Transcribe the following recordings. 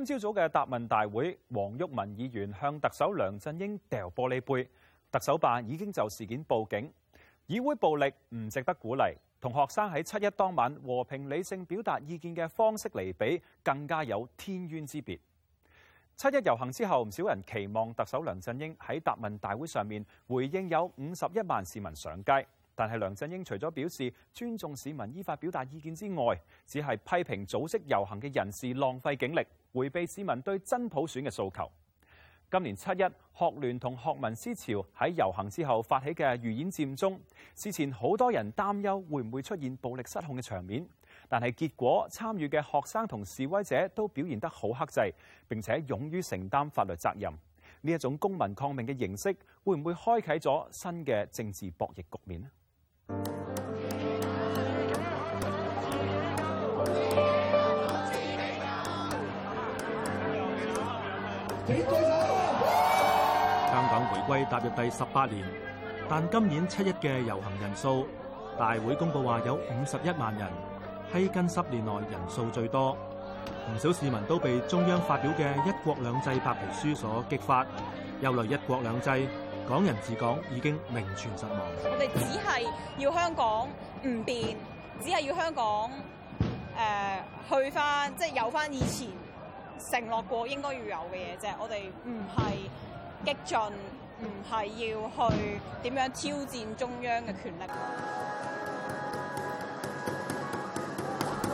今朝早嘅答問大會，黃毓民議員向特首梁振英掉玻璃杯，特首辦已經就事件報警。議會暴力唔值得鼓勵，同學生喺七一當晚和平理性表達意見嘅方式嚟比，更加有天淵之別。七一遊行之後，唔少人期望特首梁振英喺答問大會上面回應有五十一萬市民上街。但係，梁振英除咗表示尊重市民依法表達意見之外，只係批評組織遊行嘅人士浪費警力，迴避市民對真普選嘅訴求。今年七一學聯同學民思潮喺遊行之後發起嘅預演佔中，事前好多人擔憂會唔會出現暴力失控嘅場面，但係結果參與嘅學生同示威者都表現得好克制，並且勇於承擔法律責任。呢一種公民抗命嘅形式會唔會開啟咗新嘅政治博弈局面呢？香港回歸踏入第十八年，但今年七一嘅遊行人數，大會公布話有五十一萬人，喺近十年內人數最多。唔少市民都被中央發表嘅一國兩制白皮書所激發，又嚟一國兩制。港人治港已經名存實亡。我哋只係要香港唔變，只係要香港誒去返，即係有返以前承諾過應該要有嘅嘢啫。我哋唔係激進，唔係要去點樣挑戰中央嘅權力。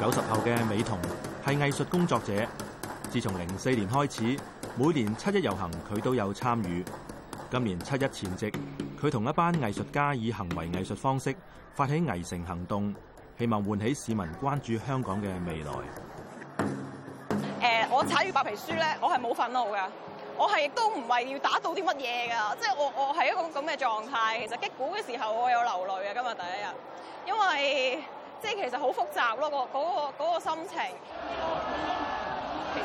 九十後嘅美童係藝術工作者，自從零四年開始，每年七一遊行，佢都有參與。今年七一前夕，佢同一班藝術家以行為藝術方式發起危城行動，希望喚起市民關注香港嘅未來。誒、呃，我踩住白皮書咧，我係冇憤怒噶，我係亦都唔係要打到啲乜嘢噶，即、就、係、是、我我係一個咁嘅狀態，其實擊鼓嘅時候，我有流淚啊，今日第一日，因為，即、就、係、是、其實好複雜咯，嗰、那個嗰、那個那個、心情。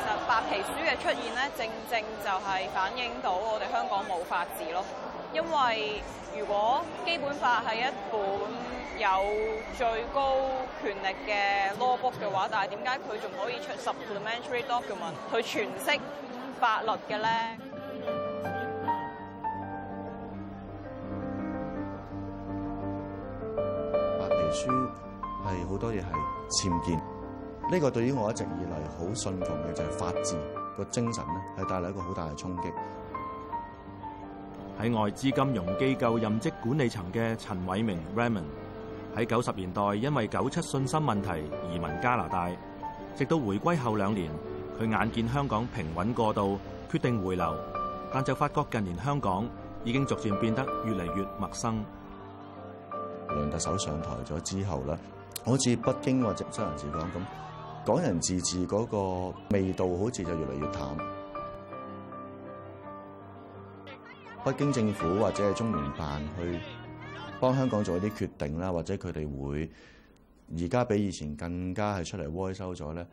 其實白皮書嘅出現咧，正正就係反映到我哋香港冇法治咯。因為如果基本法係一本有最高權力嘅 law book 嘅話，但係點解佢仲可以出 supplementary document 去詮釋法律嘅咧？白皮書係好多嘢係僭建。呢個對於我一直以嚟好信奉嘅就係法治個精神咧，係帶來一個好大嘅衝擊。喺外資金融機構任職管理層嘅陳偉明 Raymond 喺九十年代因為九七信心問題移民加拿大，直到回歸後兩年，佢眼見香港平穩過，過渡，決定回流，但就發覺近年香港已經逐漸變得越嚟越陌生。梁特首上台咗之後咧，好似北京或者西人士講咁。港人自治嗰個味道好似就越嚟越淡，北京政府或者係中聯辦去幫香港做一啲決定啦，或者佢哋會而家比以前更加係出嚟歪收咗咧。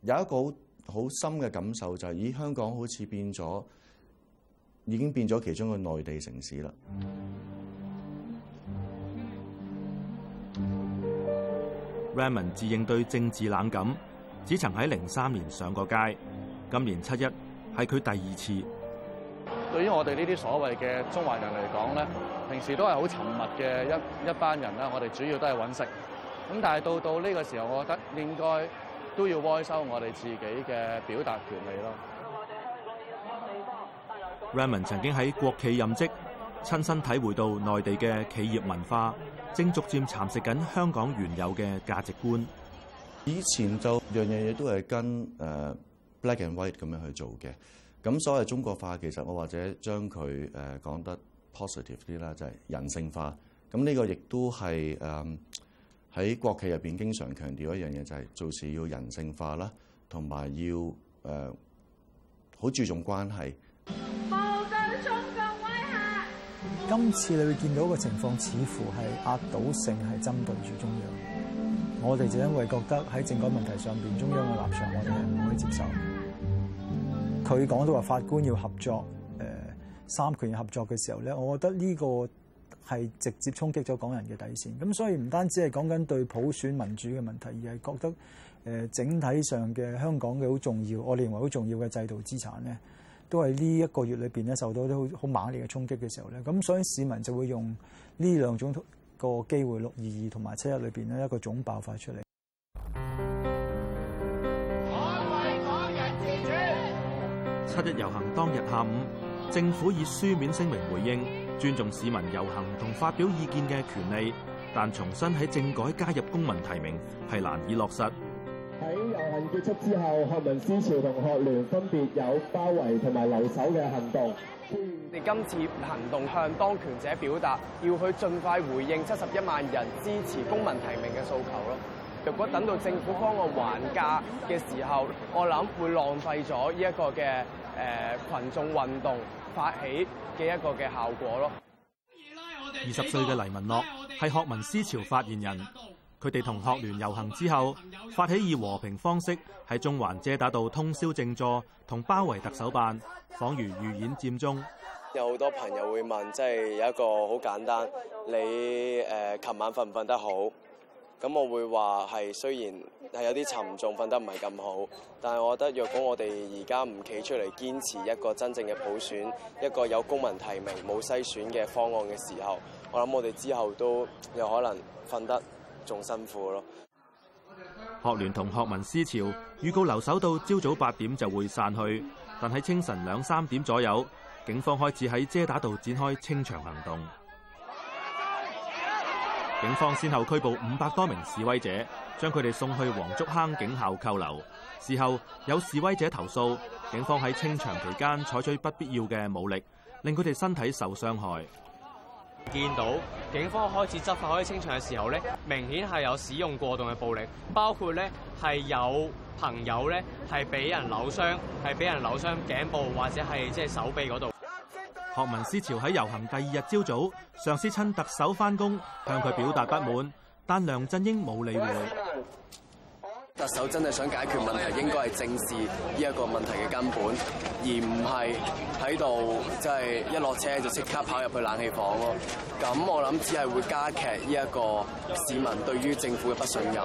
有一個好好深嘅感受就係咦，香港好似變咗，已經變咗其中嘅內地城市啦。Raymond 自認對政治冷感。只曾喺零三年上過街，今年七一係佢第二次。對於我哋呢啲所謂嘅中華人嚟講咧，平時都係好沉默嘅一一班人啦。我哋主要都係揾食，咁但係到到呢個時候，我覺得應該都要維收我哋自己嘅表達權利咯。嗯、Ramon 曾經喺國企任職，親身體會到內地嘅企業文化正逐漸蠶食緊香港原有嘅價值觀。以前就樣樣嘢都係跟誒 black and white 咁樣去做嘅，咁所謂中國化，其實我或者將佢誒講得 positive 啲啦，就係人性化。咁呢個亦都係誒喺國企入邊經常強調一樣嘢，就係做事要人性化啦，同埋要誒好注重關係。中威嚇今次你會見到個情況，似乎係壓倒性係針對住中央。我哋就因為覺得喺政改問題上邊中央嘅立場，我哋係唔可以接受。佢講到話法官要合作，誒三權合作嘅時候咧，我覺得呢個係直接衝擊咗港人嘅底線。咁所以唔單止係講緊對普選民主嘅問題，而係覺得誒整體上嘅香港嘅好重要，我哋認為好重要嘅制度資產咧，都係呢一個月裏邊咧受到啲好猛烈嘅衝擊嘅時候咧，咁所以市民就會用呢兩種，個機會六二二同埋七一裏邊咧，一個總爆發出嚟。七一遊行當日下午，政府以書面聲明回應，尊重市民遊行同發表意見嘅權利，但重新喺政改加入公民提名係難以落實。喺遊行結束之後，學民思潮同學聯分別有包圍同埋留守嘅行動。我哋今次行動向當權者表達，要去盡快回應七十一萬人支持公民提名嘅訴求咯。若果等到政府幫我還價嘅時候，我諗會浪費咗呢一個嘅誒羣眾運動發起嘅一個嘅效果咯。二十歲嘅黎文樂係學民思潮發言人，佢哋同學聯遊行之後，發起以和平方式喺中環遮打道通宵靜坐，同包圍特首辦，仿如預演佔中。有好多朋友會問，即係有一個好簡單，你誒琴晚瞓唔瞓得好？咁我會話係雖然係有啲沉重，瞓得唔係咁好，但係我覺得若果我哋而家唔企出嚟堅持一個真正嘅普選，一個有公民提名、冇篩選嘅方案嘅時候，我諗我哋之後都有可能瞓得仲辛苦咯。學聯同學民思潮預告留守到朝早八點就會散去，但喺清晨兩三點左右，警方開始喺遮打道展開清場行動，警方先後拘捕五百多名示威者，將佢哋送去黃竹坑警校扣留。事後有示威者投訴，警方喺清場期間採取不必要嘅武力，令佢哋身體受傷害。見到警方開始執法開清場嘅時候呢，明顯係有使用過度嘅暴力，包括呢係有朋友呢係俾人扭傷，係俾人扭傷頸部或者係即係手臂嗰度。學民思潮喺遊行第二日朝早，上司趁特首翻工，向佢表達不滿，但梁振英冇理會。特首真係想解決問題，應該係正視呢一個問題嘅根本，而唔係喺度即係一落車就即刻跑入去冷氣房咯。咁我諗只係會加劇呢一個市民對於政府嘅不信任。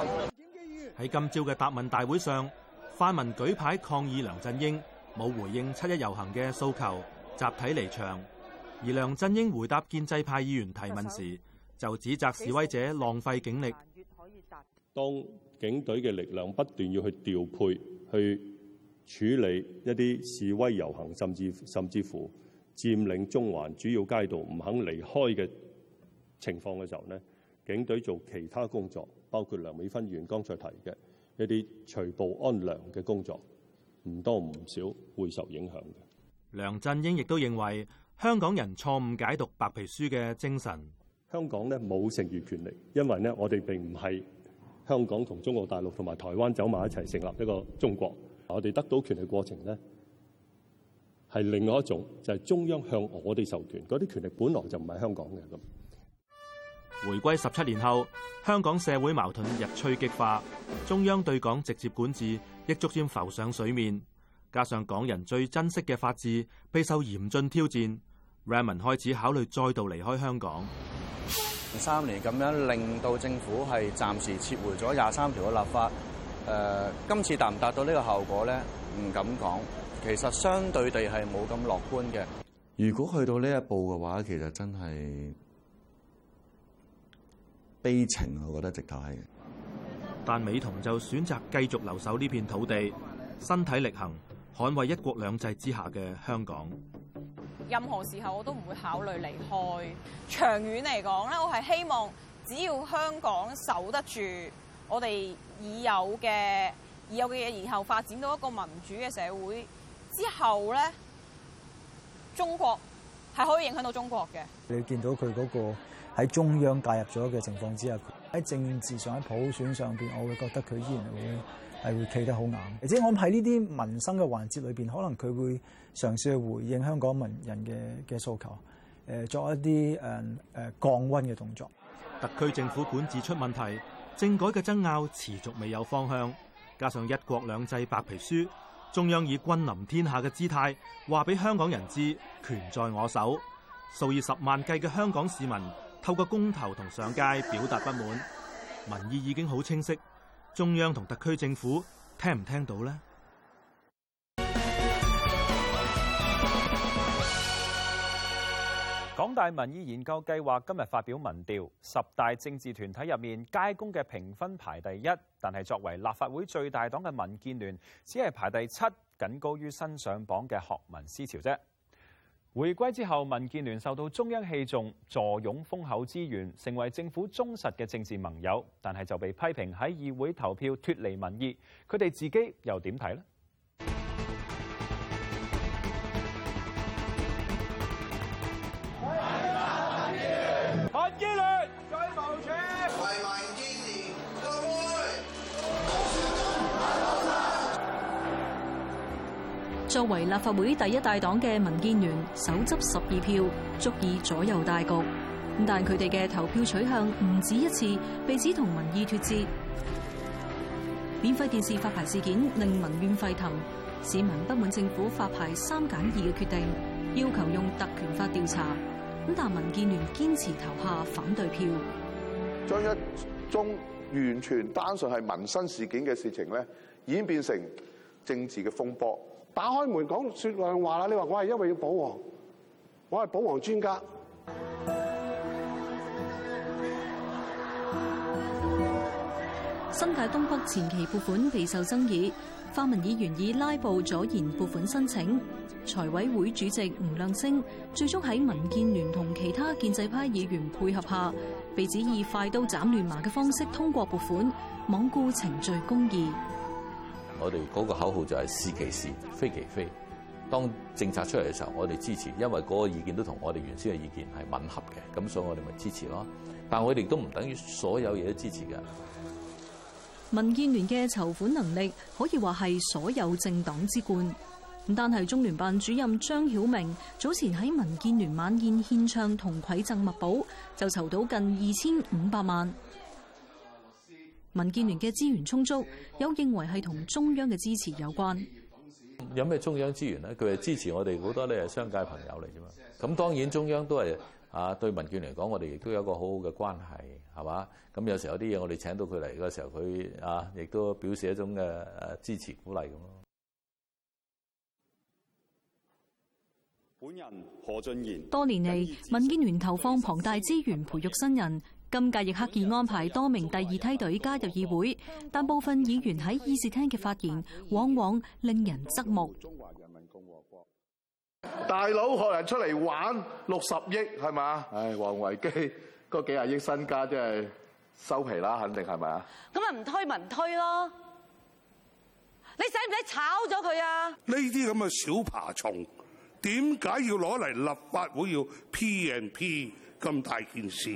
喺今朝嘅答問大會上，泛民舉牌抗議梁振英冇回應七一遊行嘅訴求。集體離場，而梁振英回答建制派議員提問時，就指責示威者浪費警力。當警隊嘅力量不斷要去調配、去處理一啲示威遊行，甚至甚至乎佔領中環主要街道唔肯離開嘅情況嘅時候咧，警隊做其他工作，包括梁美芬議員剛才提嘅一啲除暴安良嘅工作，唔多唔少會受影響嘅。梁振英亦都認為香港人錯誤解讀白皮書嘅精神。香港咧冇剩餘權力，因為咧我哋並唔係香港同中國大陸同埋台灣走埋一齊成立一個中國。我哋得到權力過程呢係另外一種，就係中央向我哋授權。嗰啲權力本來就唔係香港嘅咁。回歸十七年後，香港社會矛盾日趨激化，中央對港直接管治亦逐漸浮上水面。加上港人最珍惜嘅法治，備受嚴峻挑戰，Raymond 開始考慮再度離開香港。三年咁樣，令到政府係暫時撤回咗廿三條嘅立法。誒、呃，今次達唔達到呢個效果咧？唔敢講。其實相對地係冇咁樂觀嘅。如果去到呢一步嘅話，其實真係悲情，我覺得直頭係。但美同就選擇繼續留守呢片土地，身體力行。捍衛一國兩制之下嘅香港。任何時候我都唔會考慮離開。長遠嚟講咧，我係希望只要香港守得住我哋已有嘅已有嘅嘢，然後發展到一個民主嘅社會之後咧，中國係可以影響到中國嘅。你見到佢嗰個喺中央介入咗嘅情況之下，喺政治上喺普選上邊，我會覺得佢依然會係會企得好硬，而且我喺呢啲民生嘅環節裏邊，可能佢會嘗試去回應香港民人嘅嘅訴求，誒作一啲誒誒降溫嘅動作。特區政府管治出問題，政改嘅爭拗持續未有方向，加上一國兩制白皮書，中央以君臨天下嘅姿態話俾香港人知權在我手，數以十萬計嘅香港市民透過公投同上街表達不滿，民意已經好清晰。中央同特區政府聽唔聽到呢？港大民意研究計劃今日發表民調，十大政治團體入面，街工嘅評分排第一，但係作為立法會最大黨嘅民建聯，只係排第七，僅高於新上榜嘅學民思潮啫。回歸之後，民建聯受到中央器重，坐擁豐厚資源，成為政府忠實嘅政治盟友。但係就被批評喺議會投票脫離民意，佢哋自己又點睇呢？作為立法會第一大黨嘅民建聯，手執十二票，足以左右大局。但佢哋嘅投票取向唔止一次被指同民意脱節。免費電視發牌事件令民怨沸騰，市民不滿政府發牌三減二嘅決定，要求用特權法調查。咁但民建聯堅持投下反對票，將一宗完全單純係民生事件嘅事情咧，演變成政治嘅風波。打開門講説亮話啦！你話我係因為要保皇，我係保皇專家。新界東北前期撥款備受爭議，泛民議員以拉布阻延撥款申請，財委會主席吳亮星最終喺民建聯同其他建制派議員配合下，被指以快刀斬亂麻嘅方式通過撥款，罔顧程序公義。我哋嗰個口號就係是其是，非其非。當政策出嚟嘅時候，我哋支持，因為嗰個意見都同我哋原先嘅意見係吻合嘅，咁所以我哋咪支持咯。但我哋亦都唔等於所有嘢都支持嘅。民建聯嘅籌款能力可以話係所有政黨之冠。但係中聯辦主任張曉明早前喺民建聯晚宴獻唱同饋贈物寶，就籌到近二千五百萬。民建聯嘅資源充足，有認為係同中央嘅支持有關。有咩中央資源呢？佢係支持我哋好多咧，係商界朋友嚟啫嘛。咁當然中央都係啊，對民建聯嚟講，我哋亦都有個好好嘅關係，係嘛？咁有時候有啲嘢我哋請到佢嚟嘅時候，佢啊亦都表示一種嘅誒支持鼓勵咁咯。本人何俊賢。多年嚟，民建聯投放龐大資源培育新人。今屆亦刻意安排多名第二梯隊加入議會，但部分議員喺議事廳嘅發言往往令人側目。中華人民共和國大佬學人出嚟玩六十億係嘛？唉，王維基嗰幾廿億身家真係收皮啦，肯定係咪啊？咁啊，唔推咪唔推咯？你使唔使炒咗佢啊？呢啲咁嘅小爬蟲，點解要攞嚟立法會要 P and P 咁大件事？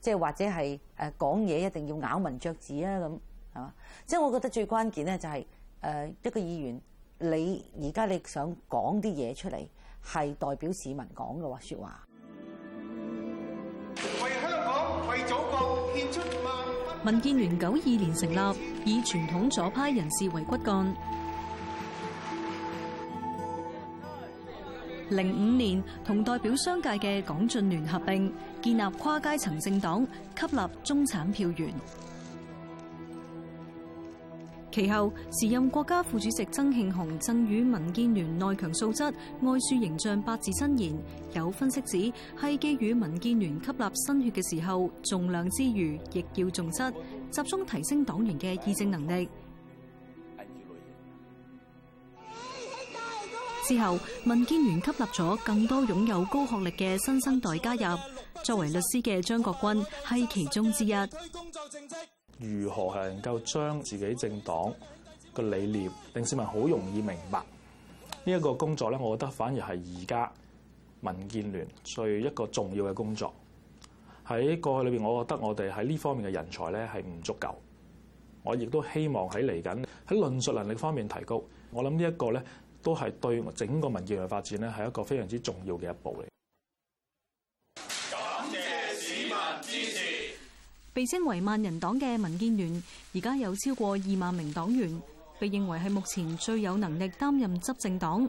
即係或者係誒講嘢一定要咬文嚼字啊，咁，係嘛？即係我覺得最關鍵咧就係誒一個議員，你而家你想講啲嘢出嚟，係代表市民講嘅話説話。為香港、為祖國獻出萬民。民建聯九二年成立，以傳統左派人士為骨幹。零五年同代表商界嘅港進聯合併，建立跨階層政黨，吸納中產票源。其後，時任國家副主席曾慶紅贈與民建聯內強素質、外樹形象八字真言。有分析指，係基於民建聯吸納新血嘅時候，重量之餘，亦要重質，集中提升黨員嘅議政能力。之後，民建聯吸納咗更多擁有高學歷嘅新生代加入。作為律師嘅張國鈞係其中之一。如何係能夠將自己政黨嘅理念令市民好容易明白？呢、這、一個工作咧，我覺得反而係而家民建聯最一個重要嘅工作。喺過去裏邊，我覺得我哋喺呢方面嘅人才咧係唔足夠。我亦都希望喺嚟緊喺論述能力方面提高。我諗呢一個咧。都係對整個民建聯嘅發展咧，係一個非常之重要嘅一步嚟。感謝市民支持。被稱為萬人黨嘅民建聯，而家有超過二萬名黨員，被認為係目前最有能力擔任執政黨。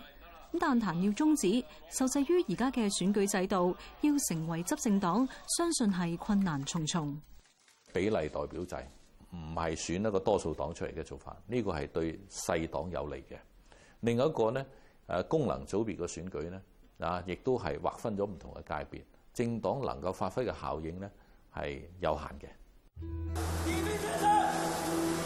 咁但談要終止，受制於而家嘅選舉制度，要成為執政黨，相信係困難重重。比例代表制唔係選一個多數黨出嚟嘅做法，呢個係對細黨有利嘅。另外一個咧，誒功能組別嘅選舉咧，啊，亦都係劃分咗唔同嘅界別，政黨能夠發揮嘅效應咧，係有限嘅。李飛先生，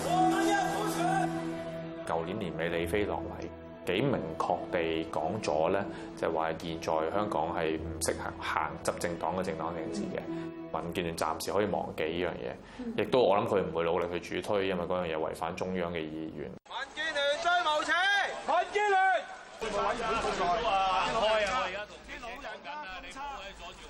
我第一選。舊年年尾，李飛落嚟幾明確地講咗咧，就係話現在香港係唔適合行，行執政黨嘅政黨政治嘅。民建聯暫時可以忘記呢樣嘢，亦都我諗佢唔會努力去主推，因為嗰樣嘢違反中央嘅意願。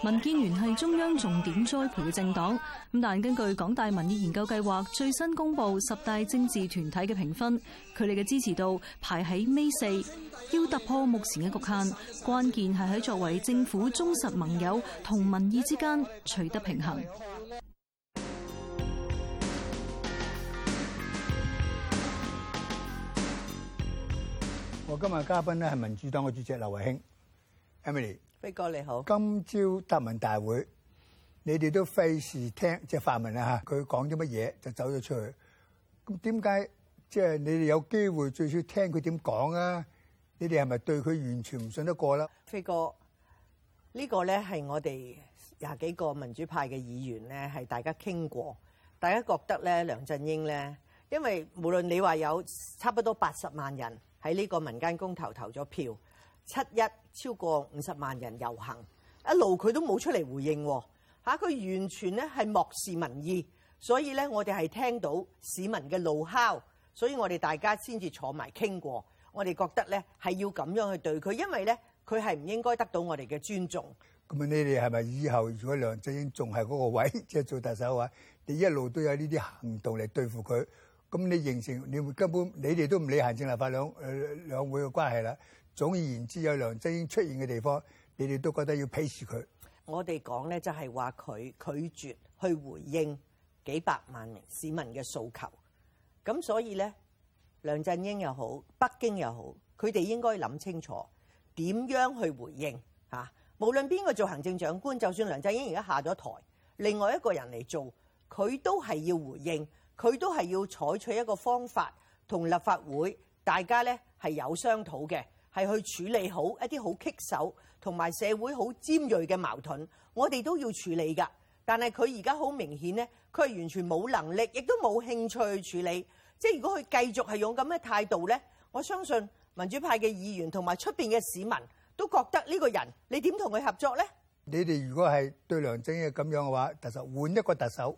民建聯係中央重點栽培嘅政黨，咁但根據港大民意研究計劃最新公布十大政治團體嘅評分，佢哋嘅支持度排喺尾四，要突破目前嘅局限，關鍵係喺作為政府忠實盟友同民意之間取得平衡。我今日嘉賓咧，係民主黨嘅主席劉慧卿 Emily，飛哥你好。今朝答問大會，你哋都費事聽，即係發文啦吓，佢講咗乜嘢就走咗出去。咁點解即係你哋有機會最少聽佢點講啊？你哋係咪對佢完全唔信得過啦？飛哥呢、這個咧，係我哋廿幾個民主派嘅議員咧，係大家傾過，大家覺得咧梁振英咧，因為無論你話有差不多八十萬人。喺呢個民間公投投咗票，七一超過五十萬人遊行，一路佢都冇出嚟回應，嚇佢完全咧係漠視民意，所以咧我哋係聽到市民嘅怒吼。所以我哋大家先至坐埋傾過，我哋覺得咧係要咁樣去對佢，因為咧佢係唔應該得到我哋嘅尊重。咁啊，你哋係咪以後如果梁振英仲係嗰個位，即係做特首嘅話，你一路都有呢啲行動嚟對付佢？咁你形成你根本你哋都唔理行政立法兩、呃、兩會嘅關係啦。總而言之，有梁振英出現嘅地方，你哋都覺得要鄙視佢。我哋講咧就係話佢拒絕去回應幾百萬名市民嘅訴求。咁所以咧，梁振英又好，北京又好，佢哋應該諗清楚點樣去回應嚇、啊。無論邊個做行政長官，就算梁振英而家下咗台，另外一個人嚟做，佢都係要回應。佢都係要採取一個方法，同立法會大家咧係有商討嘅，係去處理好一啲好棘手同埋社會好尖銳嘅矛盾。我哋都要處理㗎，但係佢而家好明顯咧，佢係完全冇能力，亦都冇興趣去處理。即係如果佢繼續係用咁嘅態度咧，我相信民主派嘅議員同埋出邊嘅市民都覺得呢個人你點同佢合作咧？你哋如果係對梁振英咁樣嘅話，特首換一個特首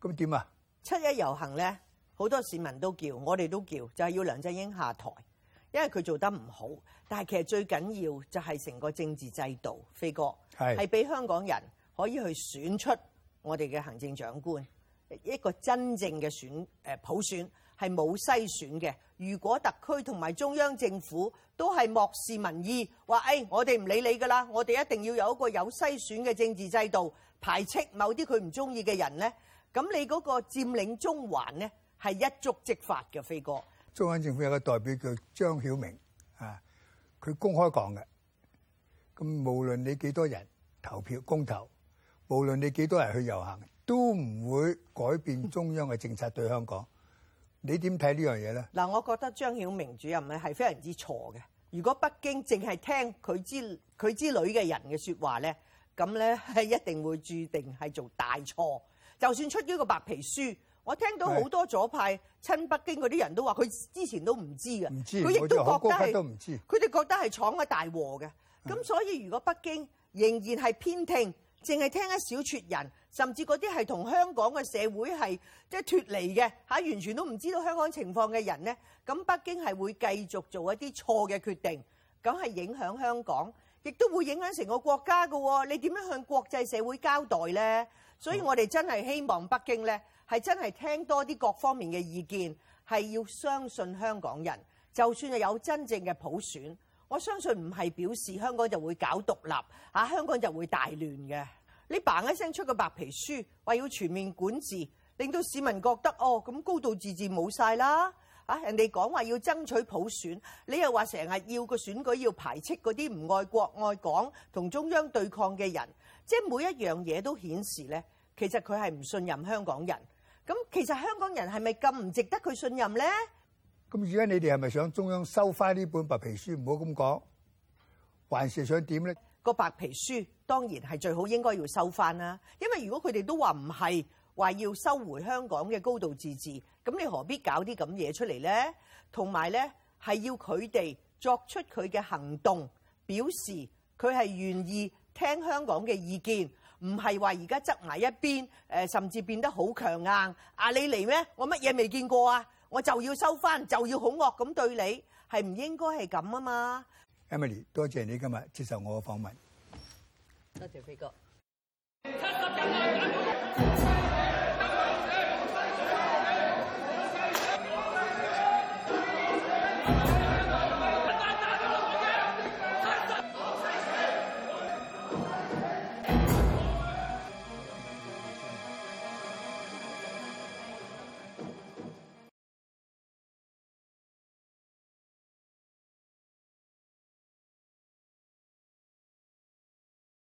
咁點啊？七一遊行呢，好多市民都叫，我哋都叫，就係要梁振英下台，因為佢做得唔好。但係其實最緊要就係成個政治制度，飛哥係，係俾是香港人可以去選出我哋嘅行政長官，一個真正嘅選普選係冇篩選嘅。如果特區同埋中央政府都係漠視民意，話誒我哋唔理你㗎啦，我哋一定要有一個有篩選嘅政治制度，排斥某啲佢唔中意嘅人呢。」咁你嗰個佔領中環咧，係一觸即發嘅，飛哥。中央政府有個代表叫張曉明啊，佢公開講嘅咁，無論你幾多人投票公投，無論你幾多人去遊行，都唔會改變中央嘅政策對香港。你點睇呢樣嘢咧？嗱，我覺得張曉明主任咧係非常之錯嘅。如果北京淨係聽佢之佢之類嘅人嘅説話咧，咁咧係一定會註定係做大錯。就算出咗個白皮書，我聽到好多左派對親北京嗰啲人都話，佢之前都唔知嘅，佢亦都覺得係，佢哋覺得係闖咗大禍嘅。咁所以如果北京仍然係偏聽，淨係聽一小撮人，甚至嗰啲係同香港嘅社會係即係脫離嘅嚇，完全都唔知道香港情況嘅人呢，咁北京係會繼續做一啲錯嘅決定，咁係影響香港，亦都會影響成個國家噶。你點樣向國際社會交代呢？所以我哋真係希望北京呢，係真係聽多啲各方面嘅意見，係要相信香港人。就算係有真正嘅普選，我相信唔係表示香港就會搞獨立嚇，啊，香港就會大亂嘅。你嘭一聲出個白皮書話要全面管治，令到市民覺得哦，咁高度自治冇晒啦嚇。人哋講話要爭取普選，你又話成日要個選舉要排斥嗰啲唔愛國愛港同中央對抗嘅人。即係每一樣嘢都顯示咧，其實，佢係唔信任香港人。咁其實香港人係咪咁唔值得佢信任咧？咁而家你哋係咪想中央收翻呢本白皮書，唔好咁講，還是想點咧？個白皮書當然係最好應該要收翻啦。因為，如果佢哋都話唔係話要收回香港嘅高度自治，咁你何必搞啲咁嘢出嚟咧？同埋咧，係要佢哋作出佢嘅行動表示佢係願意。聽香港嘅意見，唔係話而家側埋一邊，誒甚至變得好強硬。啊，你嚟咩？我乜嘢未見過啊？我就要收翻，就要恐惡咁對你，係唔應該係咁啊嘛？Emily，多謝你今日接受我嘅訪問。多謝飛哥。